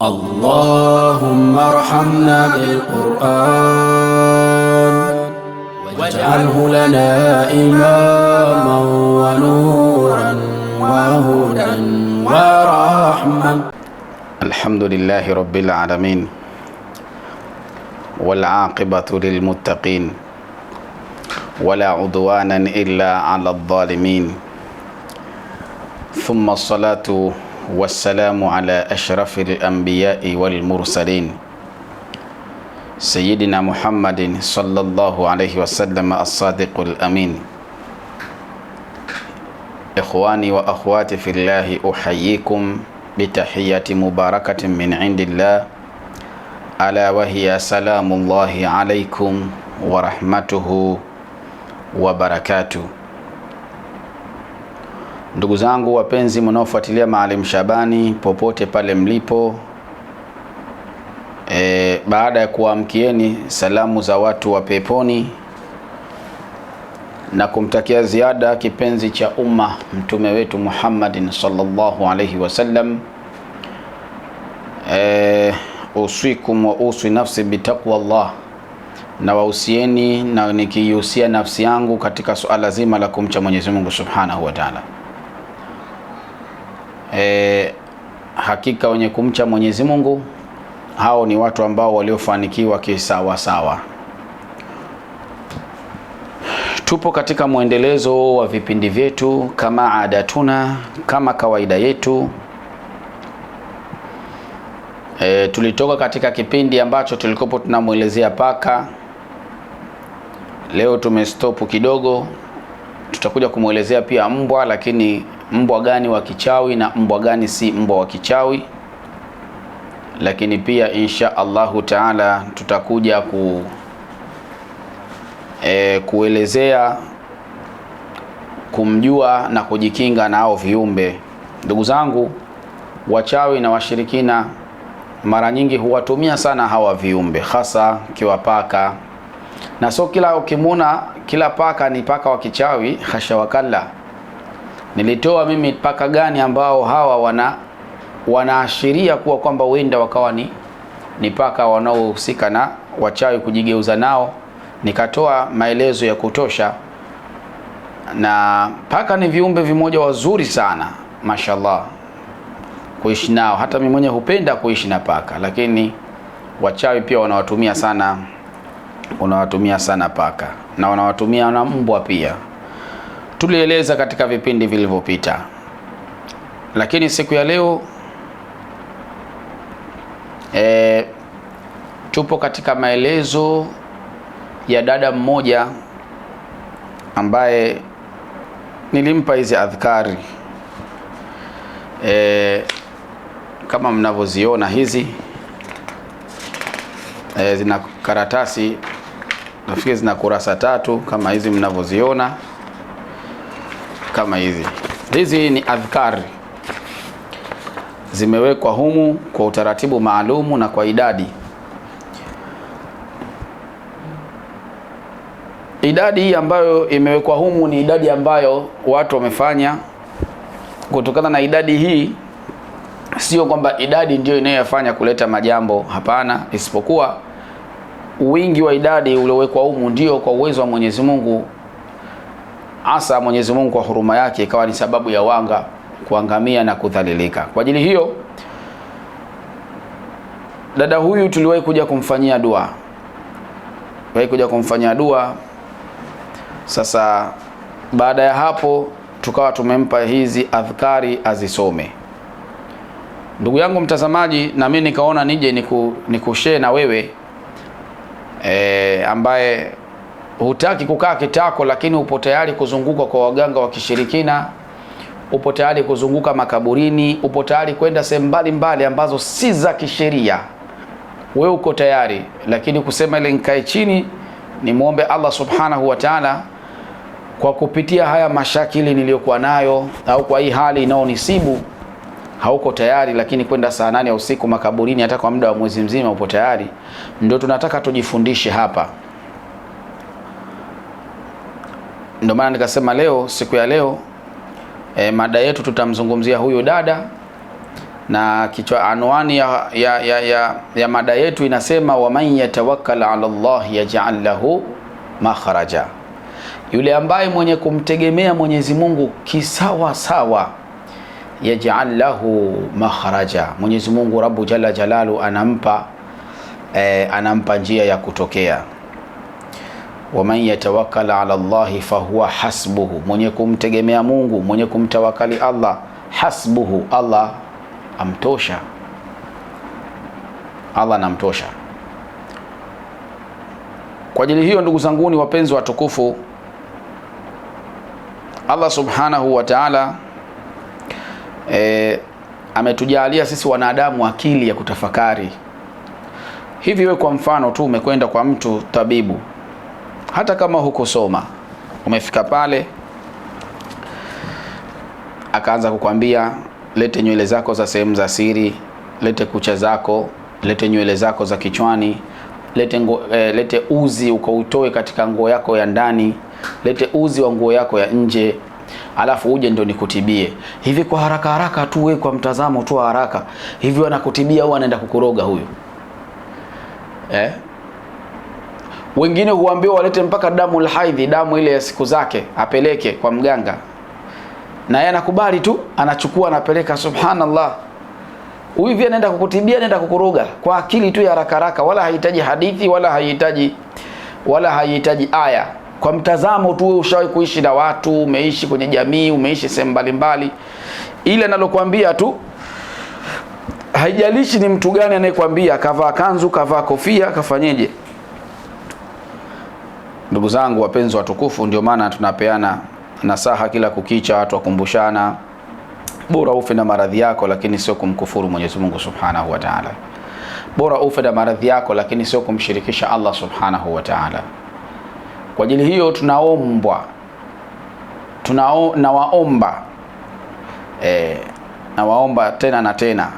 اللهم ارحمنا بالقرآن واجعله لنا إماما ونورا وهدى ورحمة الحمد لله رب العالمين والعاقبة للمتقين ولا عدوانا إلا على الظالمين ثم الصلاة والسلام على أشرف الأنبياء والمرسلين سيدنا محمد صلى الله عليه وسلم الصادق الأمين إخواني وأخواتي في الله أحييكم بتحية مباركة من عند الله ألا وهي سلام الله عليكم ورحمته وبركاته Ndugu zangu wapenzi mnaofuatilia Maalim Shabani popote pale mlipo, e, baada ya kuamkieni salamu za watu wa peponi na kumtakia ziada kipenzi cha umma mtume wetu Muhammadin sallallahu alaihi wasallam, e, uswikum wa uswi nafsi bitaqwa Allah, na wausieni na nikihusia nafsi yangu katika suala zima la kumcha Mwenyezi Mungu subhanahu wa taala e, hakika wenye kumcha Mwenyezi Mungu hao ni watu ambao waliofanikiwa kisawa sawa. Tupo katika mwendelezo wa vipindi vyetu kama adatuna, kama kawaida yetu. E, tulitoka katika kipindi ambacho tulikopo tunamwelezea paka. Leo tumestopu kidogo, tutakuja kumwelezea pia mbwa, lakini mbwa gani wa kichawi na mbwa gani si mbwa wa kichawi, lakini pia insha Allahu taala tutakuja ku e, kuelezea kumjua na kujikinga na hao viumbe. Ndugu zangu, wachawi na washirikina mara nyingi huwatumia sana hawa viumbe, hasa kiwapaka na so kila ukimuna kila paka ni paka wa kichawi, wakalla nilitoa mimi mpaka gani ambao hawa wana wanaashiria kuwa kwamba huenda wakawa ni ni paka wanaohusika na wachawi kujigeuza nao. Nikatoa maelezo ya kutosha, na paka ni viumbe vimoja wazuri sana mashallah kuishi nao. Hata mimi mwenyewe hupenda kuishi na paka, lakini wachawi pia wanawatumia sana, wanawatumia sana paka na wanawatumia na mbwa pia tulieleza katika vipindi vilivyopita, lakini siku ya leo e, tupo katika maelezo ya dada mmoja ambaye nilimpa hizi adhkari e, kama mnavyoziona hizi e, zina karatasi nafikiri zina kurasa tatu kama hizi mnavyoziona kama hizi. Hizi ni adhkari zimewekwa humu kwa utaratibu maalumu na kwa idadi. Idadi hii ambayo imewekwa humu ni idadi ambayo watu wamefanya. Kutokana na idadi hii, sio kwamba idadi ndiyo inayofanya kuleta majambo, hapana, isipokuwa wingi wa idadi uliowekwa humu ndio kwa uwezo wa Mwenyezi Mungu asa Mwenyezi Mungu kwa huruma yake ikawa ni sababu ya wanga kuangamia na kudhalilika. Kwa ajili hiyo dada huyu tuliwahi kuja kumfanyia dua, tuliwahi kuja kumfanyia dua. Sasa baada ya hapo tukawa tumempa hizi adhkari azisome. Ndugu yangu mtazamaji, na mimi nikaona nije ni nikushare na wewe e, ambaye hutaki kukaa kitako, lakini upo tayari kuzunguka kwa waganga wa kishirikina, upo tayari kuzunguka makaburini, upo tayari kwenda sehemu mbalimbali ambazo si za kisheria, we uko tayari, lakini kusema ile nikae chini nimwombe Allah subhanahu wa taala kwa kupitia haya mashakili niliyokuwa nayo au kwa hii hali inayonisibu hauko tayari, lakini kwenda saa nane ya usiku makaburini hata kwa muda wa mwezi mzima upo tayari. Ndio tunataka tujifundishe hapa. Ndio maana nikasema leo, siku ya leo e, mada yetu tutamzungumzia huyu dada na kichwa anwani ya, ya, ya, ya, ya mada yetu inasema waman yatawakkal ala Allah yaj'al lahu makhraja, yule ambaye mwenye kumtegemea Mwenyezi Mungu kisawa sawa, yaj'al lahu makhraja, Mwenyezi Mungu Rabbu jalla jalalu anampa, eh, anampa njia ya kutokea waman yatawakkal ala llahi fahuwa hasbuhu, mwenye kumtegemea Mungu, mwenye kumtawakali Allah, hasbuhu, Allah amtosha. Allah anamtosha. Kwa ajili hiyo, ndugu zanguni wapenzi watukufu, Allah subhanahu wa taala e, ametujalia sisi wanadamu akili ya kutafakari. Hivi we, kwa mfano tu, umekwenda kwa mtu tabibu hata kama hukusoma, umefika pale akaanza kukwambia lete nywele zako za sehemu za siri, lete kucha zako, lete nywele zako za kichwani, lete, ngo, eh, lete uzi ukautoe katika nguo yako ya ndani, lete uzi wa nguo yako ya nje, alafu uje ndo nikutibie. Hivi kwa haraka haraka tu, we kwa mtazamo tu wa haraka hivi, wanakutibia au anaenda kukuroga huyu eh? Wengine huambiwa walete mpaka damu lhaidhi, damu ile ya siku zake apeleke kwa mganga, na yeye anakubali tu, anachukua anapeleka. Subhanallah, huyu pia anaenda kukutibia, anaenda kukuroga kwa akili tu ya haraka haraka, wala haihitaji hadithi wala haihitaji wala haihitaji aya. Kwa mtazamo tu, ushawahi kuishi na watu, umeishi kwenye jamii, umeishi sehemu mbalimbali, ile analokuambia tu haijalishi ni mtu gani anayekwambia, kavaa kanzu, kavaa kofia, kafanyeje Ndugu zangu wapenzi watukufu, ndio maana tunapeana nasaha kila kukicha, watu wakumbushana, bora ufe na maradhi yako, lakini sio kumkufuru Mwenyezi Mungu Subhanahu wa Ta'ala. Bora ufe na maradhi yako, lakini sio kumshirikisha Allah Subhanahu wa Ta'ala. Kwa ajili hiyo tunaombwa tunao, nawaomba e, nawaomba tena na tena,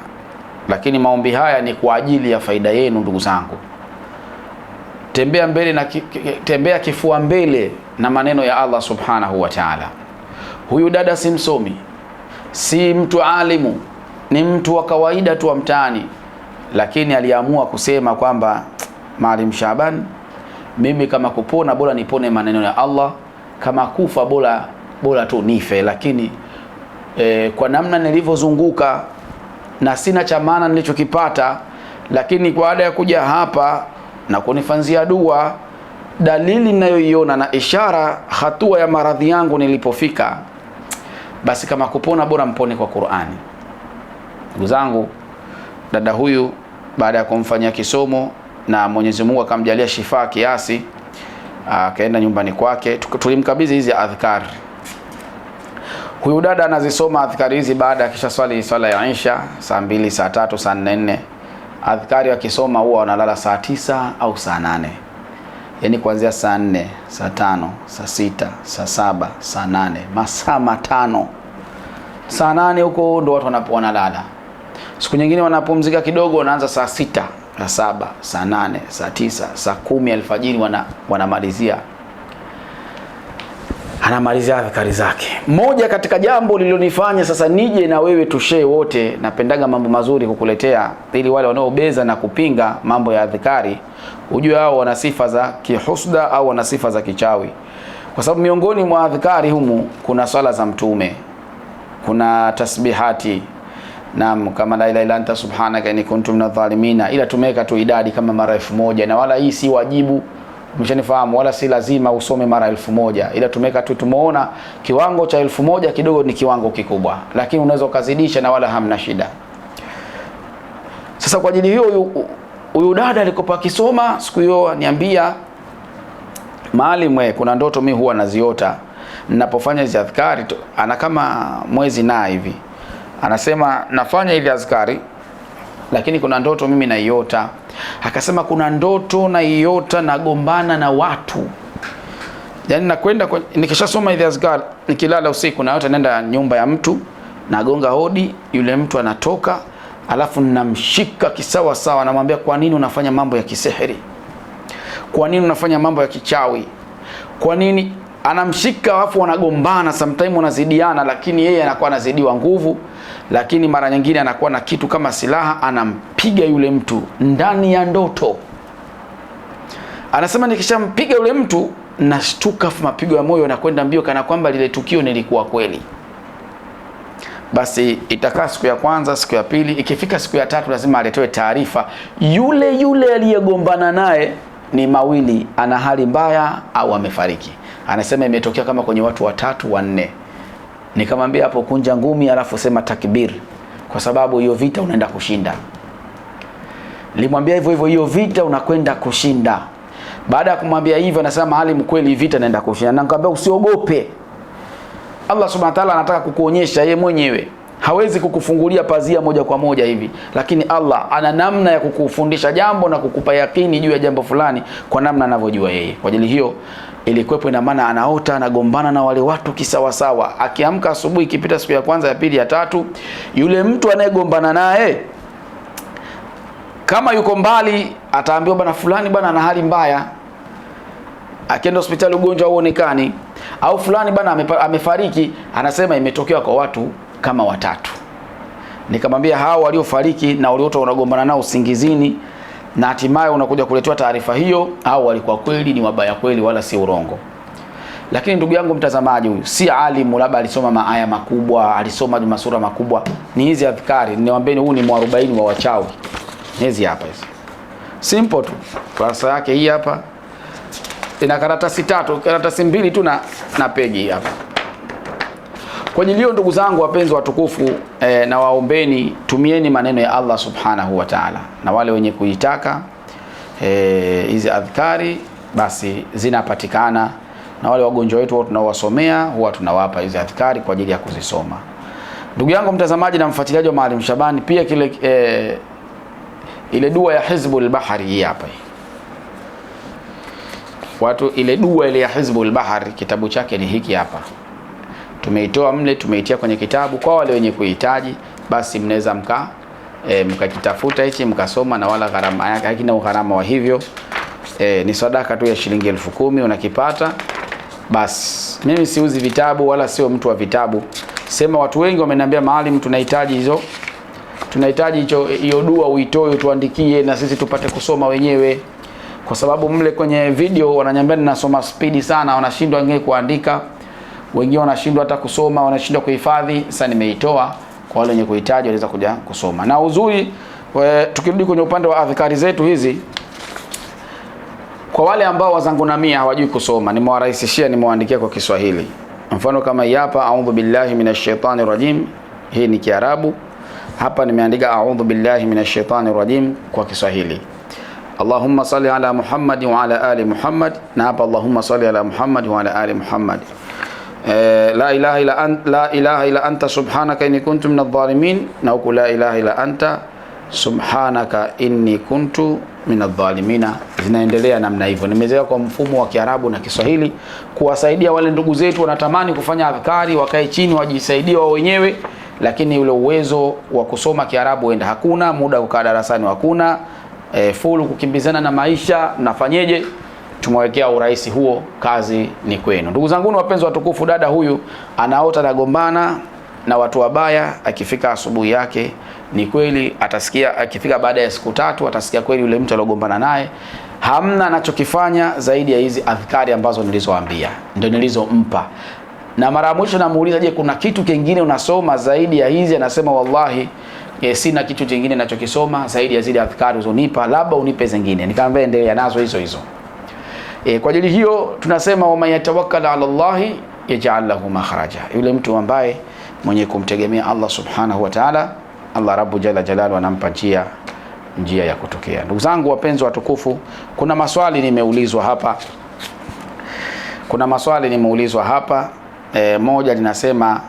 lakini maombi haya ni kwa ajili ya faida yenu ndugu zangu tembea mbele na ki, tembea kifua mbele na maneno ya Allah subhanahu wa ta'ala. Huyu dada si msomi, si mtu alimu, ni mtu wa kawaida tu wa mtaani, lakini aliamua kusema kwamba Maalim shaban mimi kama kupona bora nipone maneno ya Allah, kama kufa bora bora tu nife, lakini eh, kwa namna nilivyozunguka na sina cha maana nilichokipata, lakini kwa ada ya kuja hapa na kunifanzia dua. Dalili ninayoiona na ishara hatua ya maradhi yangu nilipofika, basi kama kupona bora mpone kwa Qur'ani. Ndugu zangu, dada huyu baada ya kumfanyia kisomo na Mwenyezi Mungu akamjalia shifaa kiasi, akaenda nyumbani kwake, tulimkabidhi hizi adhkari. Huyu dada anazisoma adhkari hizi baada ya kisha swali swala ya Isha saa mbili, saa tatu, saa nne adhkari wakisoma huwa wanalala saa tisa au saa nane yaani kuanzia saa nne, saa tano, saa sita, saa saba, saa nane, masaa matano. Saa nane huko ndo watu wanalala. Siku nyingine wanapumzika kidogo, wanaanza saa sita, saa saba, saa nane, saa tisa, saa kumi alfajiri wana wanamalizia anamalizia adhkari zake. Moja katika jambo lililonifanya sasa nije na wewe tushee wote, napendaga mambo mazuri kukuletea, ili wale wanaobeza na kupinga mambo ya adhikari ujue hao wana sifa za kihusda au wana sifa za kichawi, kwa sababu miongoni mwa adhikari humu kuna swala za Mtume, kuna tasbihati Naam, kama la ilaha illa anta subhanaka inni kuntu minadh dhalimina, ila tumeweka tu idadi kama mara elfu moja na wala hii si wajibu mshanifahamu wala si lazima usome mara elfu moja ila tumeka tu, tumeona kiwango cha elfu moja kidogo ni kiwango kikubwa, lakini unaweza ukazidisha na wala hamna shida. Sasa kwa ajili hiyo, huyu dada alikopa akisoma siku hiyo aniambia, maalim, wewe kuna ndoto mi huwa naziota ninapofanya hizi adhkari, ana kama mwezi na hivi, anasema nafanya hivi adhkari lakini kuna ndoto mimi naiota. Akasema kuna ndoto naiota nagombana na watu yani nakwenda nikishasoma hizi azkar, nikilala usiku naota nenda nyumba ya mtu nagonga hodi, yule mtu anatoka, alafu namshika kisawa sawa, namwambia kwa nini unafanya mambo ya kisihiri? Kwa nini unafanya mambo ya kichawi? Kwa nini anamshika alafu wanagombana, sometimes wanazidiana, lakini yeye anakuwa anazidiwa nguvu, lakini mara nyingine anakuwa na kitu kama silaha, anampiga yule mtu ndani ya ndoto. Anasema nikishampiga yule mtu nashtuka, afu mapigo ya moyo nakwenda mbio, kana kwamba lile tukio nilikuwa kweli. Basi itakaa siku ya kwanza, siku ya pili, ikifika siku ya tatu lazima aletewe taarifa, yule yule aliyegombana naye ni mawili, ana hali mbaya au amefariki anasema imetokea kama kwenye watu watatu wanne. Nikamwambia hapo kunja ngumi, alafu sema takbir, kwa sababu hiyo vita unaenda kushinda. Limwambia hivyo hivyo, hiyo vita unakwenda kushinda. Baada ya kumwambia hivyo, anasema mahali mkweli, vita naenda kushinda. Na nikamwambia usiogope, Allah subhanahu wa ta'ala anataka kukuonyesha yeye mwenyewe hawezi kukufungulia pazia moja kwa moja hivi, lakini Allah ana namna ya kukufundisha jambo na kukupa yakini juu ya jambo fulani kwa namna anavyojua yeye. Kwa ajili hiyo ilikuwepo, ina maana anaota anagombana na wale watu kisawasawa. Akiamka asubuhi, ikipita siku ya kwanza, ya pili, ya tatu, yule mtu anayegombana naye kama yuko mbali, ataambiwa bana, fulani bana ana hali mbaya. Akienda hospitali, ugonjwa uonekani, au fulani bana amefariki, anasema imetokea kwa watu kama watatu. Nikamwambia hao waliofariki na waliota unagombana nao usingizini na hatimaye unakuja kuletewa taarifa hiyo, au walikuwa kweli ni wabaya kweli, wala si urongo. Lakini ndugu yangu mtazamaji, huyu si alimu, labda alisoma maaya makubwa, alisoma masura makubwa, ni hizi adhikari. Niwaambieni, huu ni mwarobaini wa wachawi, hizi hapa hizi, simple tu. Kurasa yake hii hapa ina karatasi tatu, karatasi mbili tu na na peji hapa. Kwa ajili hiyo ndugu zangu wapenzi watukufu e, na waombeni, tumieni maneno ya Allah subhanahu wa ta'ala, na wale wenye kuitaka eh, hizi e, adhkari basi zinapatikana, na wale wagonjwa wetu tunawasomea, huwa tunawapa hizi adhkari kwa ajili ya kuzisoma. Ndugu yangu mtazamaji na mfuatiliaji wa Maalim Shabani, pia kile e, ile dua ya Hizbul Bahari hii hapa watu, ile dua ile ya Hizbul Bahari kitabu chake ni hiki hapa tumeitoa mle, tumeitia kwenye kitabu kwa wale wenye kuhitaji, basi mnaweza mka e, mkakitafuta hichi mkasoma, na wala gharama yake hakina ugharama wa hivyo. E, ni sadaka tu ya shilingi elfu kumi unakipata basi. Mimi siuzi vitabu wala sio mtu wa vitabu, sema watu wengi wameniambia, Maalim, tunahitaji hizo tunahitaji hicho hiyo dua uitoe tuandikie na sisi tupate kusoma wenyewe, kwa sababu mle kwenye video wananiambia ninasoma spidi sana, wanashindwa wengine kuandika wengine wanashindwa hata kusoma, wanashindwa kuhifadhi. Sasa nimeitoa kwa wale wenye kuhitaji, waweza kuja kusoma. Na uzuri, we, tukirudi kwenye upande wa adhikari zetu hizi, kwa wale ambao wazangu na mia hawajui kusoma, nimewarahisishia, nimewaandikia kwa Kiswahili. Mfano kama hapa, a'udhu billahi minashaitani rajim, hii ni Kiarabu. Hapa nimeandika a'udhu billahi minashaitani rajim kwa Kiswahili. Allahumma salli ala Muhammad wa ala ali Muhammad, na hapa Allahumma salli ala Muhammad wa ala ali Muhammad. Eh, la ilaha illa anta, la ilaha ila anta subhanaka inni kuntu minadh dhalimin, na huku la ilaha ila anta subhanaka inni kuntu adh-dhalimina, zinaendelea namna hivyo. Nimezoea kwa mfumo wa Kiarabu na Kiswahili kuwasaidia wale ndugu zetu wanatamani kufanya adhkari, wakae chini wajisaidie wao wenyewe, lakini ule uwezo wa kusoma Kiarabu enda hakuna, muda kukaa darasani hakuna, e, full kukimbizana na maisha, nafanyeje tumewekea urahisi huo, kazi ni kwenu. Ndugu zanguni wapenzi watukufu, dada huyu anaota anagombana na watu wabaya. Akifika asubuhi yake ni kweli atasikia, akifika baada ya siku tatu atasikia kweli yule mtu aliogombana naye hamna anachokifanya zaidi ya hizi adhkari ambazo nilizoambia, ndio nilizompa. Na mara ya mwisho namuuliza, je, kuna kitu kingine unasoma zaidi ya hizi? Anasema wallahi e, sina kitu kingine nachokisoma zaidi ya zile adhkari uzonipa, labda unipe zingine. Nikamwambia endelea nazo hizo hizo. E, kwa ajili hiyo tunasema waman yatawakkal ala llahi yaj'al lahu makhraja, yule mtu ambaye mwenye kumtegemea Allah subhanahu wa ta'ala, Allah rabu jalla jalalu anampa njia njia ya kutokea. Ndugu zangu wapenzi watukufu, kuna maswali nimeulizwa hapa, kuna maswali nimeulizwa hapa. E, moja linasema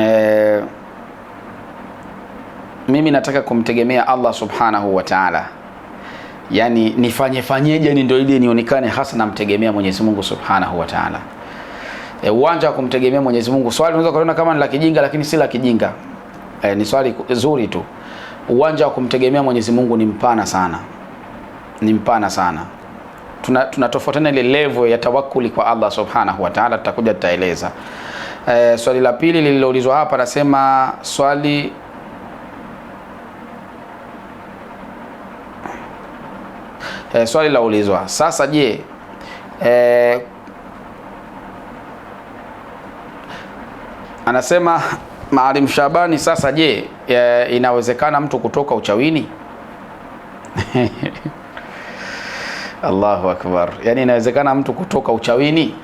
e, mimi nataka kumtegemea Allah subhanahu wa ta'ala yani nifanye fanyeje ni ndio ili nionekane hasa namtegemea Mwenyezi Mungu Subhanahu wa Ta'ala. E, uwanja wa kumtegemea Mwenyezi Mungu. Swali unaweza kuona kama ni la kijinga lakini si la kijinga. E, ni swali zuri tu. Uwanja wa kumtegemea Mwenyezi Mungu ni mpana sana. Ni mpana sana. Tuna tunatofautiana ile level ya tawakuli kwa Allah Subhanahu wa Ta'ala, tutakuja tutaeleza. E, swali la pili lililoulizwa hapa nasema swali e, swali ulizwa sasa, je, e, anasema Maalim Shabani, sasa je, e, inawezekana mtu kutoka uchawini? Allahu akbar, yaani inawezekana mtu kutoka uchawini?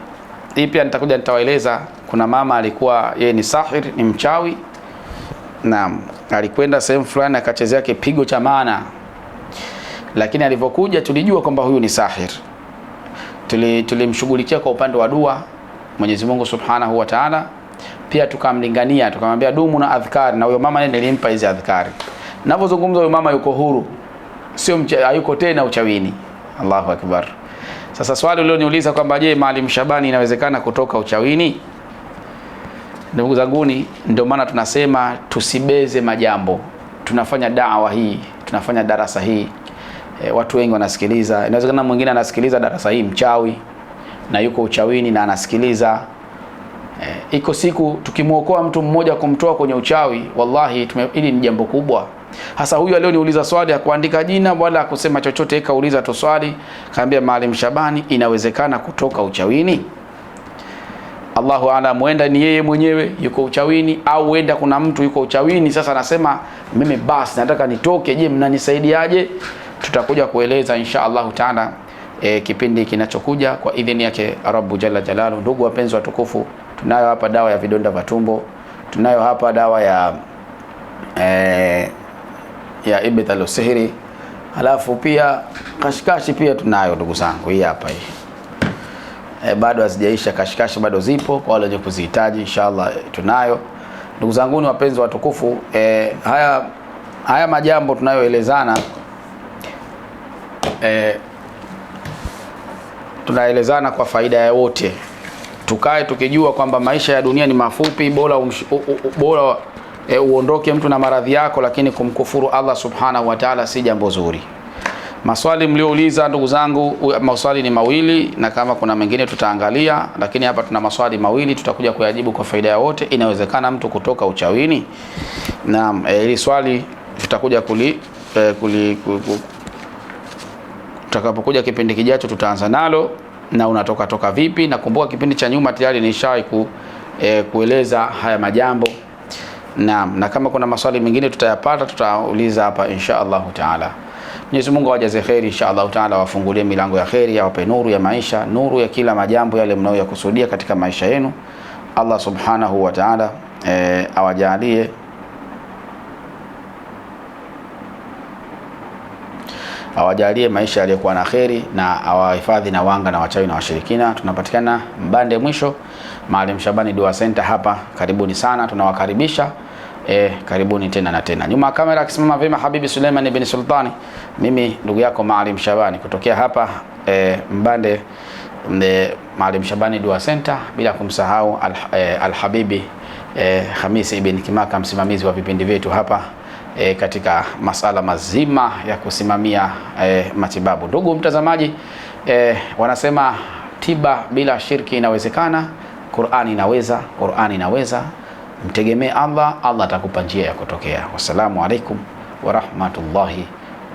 Hii pia nitakuja nitawaeleza. Kuna mama alikuwa yeye ni sahir, ni mchawi. Naam, alikwenda sehemu fulani akachezea kipigo cha maana lakini alivyokuja tulijua kwamba huyu ni sahir. Tulimshughulikia tuli kwa upande wa dua Mwenyezi Mungu Subhanahu wa Ta'ala, pia tukamlingania tukamwambia dumu na adhkari, na huyo mama nilimpa hizi adhkari. Ninavyozungumza huyo mama yuko huru, sio hayuko tena uchawini. Allahu akbar. Sasa swali ulioniuliza kwamba je, Maalim Shabani inawezekana kutoka uchawini? Ndugu zanguni, ndio maana tunasema tusibeze majambo. Tunafanya dawa hii, tunafanya darasa hii e, watu wengi wanasikiliza. Inawezekana mwingine anasikiliza darasa hii mchawi na yuko uchawini na anasikiliza e, iko siku tukimwokoa mtu mmoja kumtoa kwenye uchawi, wallahi hili ni jambo kubwa. Hasa huyu alioniuliza swali hakuandika jina wala hakusema chochote, kauliza tu swali, kaambia Maalim Shabani, inawezekana kutoka uchawini? Allahu alam, huenda ni yeye mwenyewe yuko uchawini, au huenda kuna mtu yuko uchawini. Sasa anasema mimi basi nataka nitoke, je, mnanisaidiaje? tutakuja kueleza insha Allahu taala e, kipindi kinachokuja kwa idhini yake Rabbu jalla jalalu. Ndugu wapenzi watukufu, tunayo hapa dawa ya vidonda vya tumbo, tunayo hapa dawa ya e, ya ibtalu sihiri, halafu pia kashikashi pia tunayo ndugu zangu, hii hapa hii e, bado hazijaisha kashikashi, bado zipo kwa wale wenye kuzihitaji, inshallah tunayo. Ndugu zangu ni wapenzi watukufu, e, haya haya majambo tunayoelezana eh, tunaelezana kwa faida ya wote, tukae tukijua kwamba maisha ya dunia ni mafupi, bora bora E, uondoke mtu na maradhi yako, lakini kumkufuru Allah subhanahu wa ta'ala si jambo zuri. Maswali mliouliza ndugu zangu, maswali ni mawili, na kama kuna mengine tutaangalia, lakini hapa tuna maswali mawili tutakuja kuyajibu kwa faida ya wote. Inawezekana mtu kutoka uchawini. Naam, hili eh, e, swali tutakuja kuli, e, kuli, kuli, kuli tutakapokuja kipindi kijacho tutaanza nalo na unatoka toka vipi. Nakumbuka kipindi cha nyuma tayari nishawahi ku, e, kueleza haya majambo naam, na kama kuna maswali mengine tutayapata, tutauliza hapa insha Allahu taala. Mwenyezi Mungu awajaze kheri insha Allahu taala, wafungulie milango ya kheri, awape nuru ya maisha, nuru ya kila majambo yale mnayoyakusudia katika maisha yenu. Allah subhanahu wa taala e, awajalie awajalie maisha yaliyokuwa na kheri na awahifadhi na wanga na wachawi na washirikina. Tunapatikana Mbande mwisho Maalim Shabani Dua Center hapa, karibuni sana, tunawakaribisha e, karibuni tena na tena. Nyuma ya kamera akisimama vema Habibi Suleiman bin Sultani, mimi ndugu yako Maalim Shabani kutokea hapa e, Mbande mde Maalim Shabani Dua Center, bila kumsahau al, e, al e, Hamisi ibn Kimaka, msimamizi wa vipindi vyetu hapa e, katika masala mazima ya kusimamia e, matibabu. Ndugu mtazamaji, e, wanasema tiba bila shirki inawezekana. Qur'ani inaweza, Qur'ani inaweza. Mtegemee Allah, Allah atakupa njia ya kutokea. Wassalamu alaikum warahmatullahi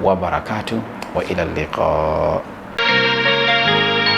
wabarakatuh wa ila liqa.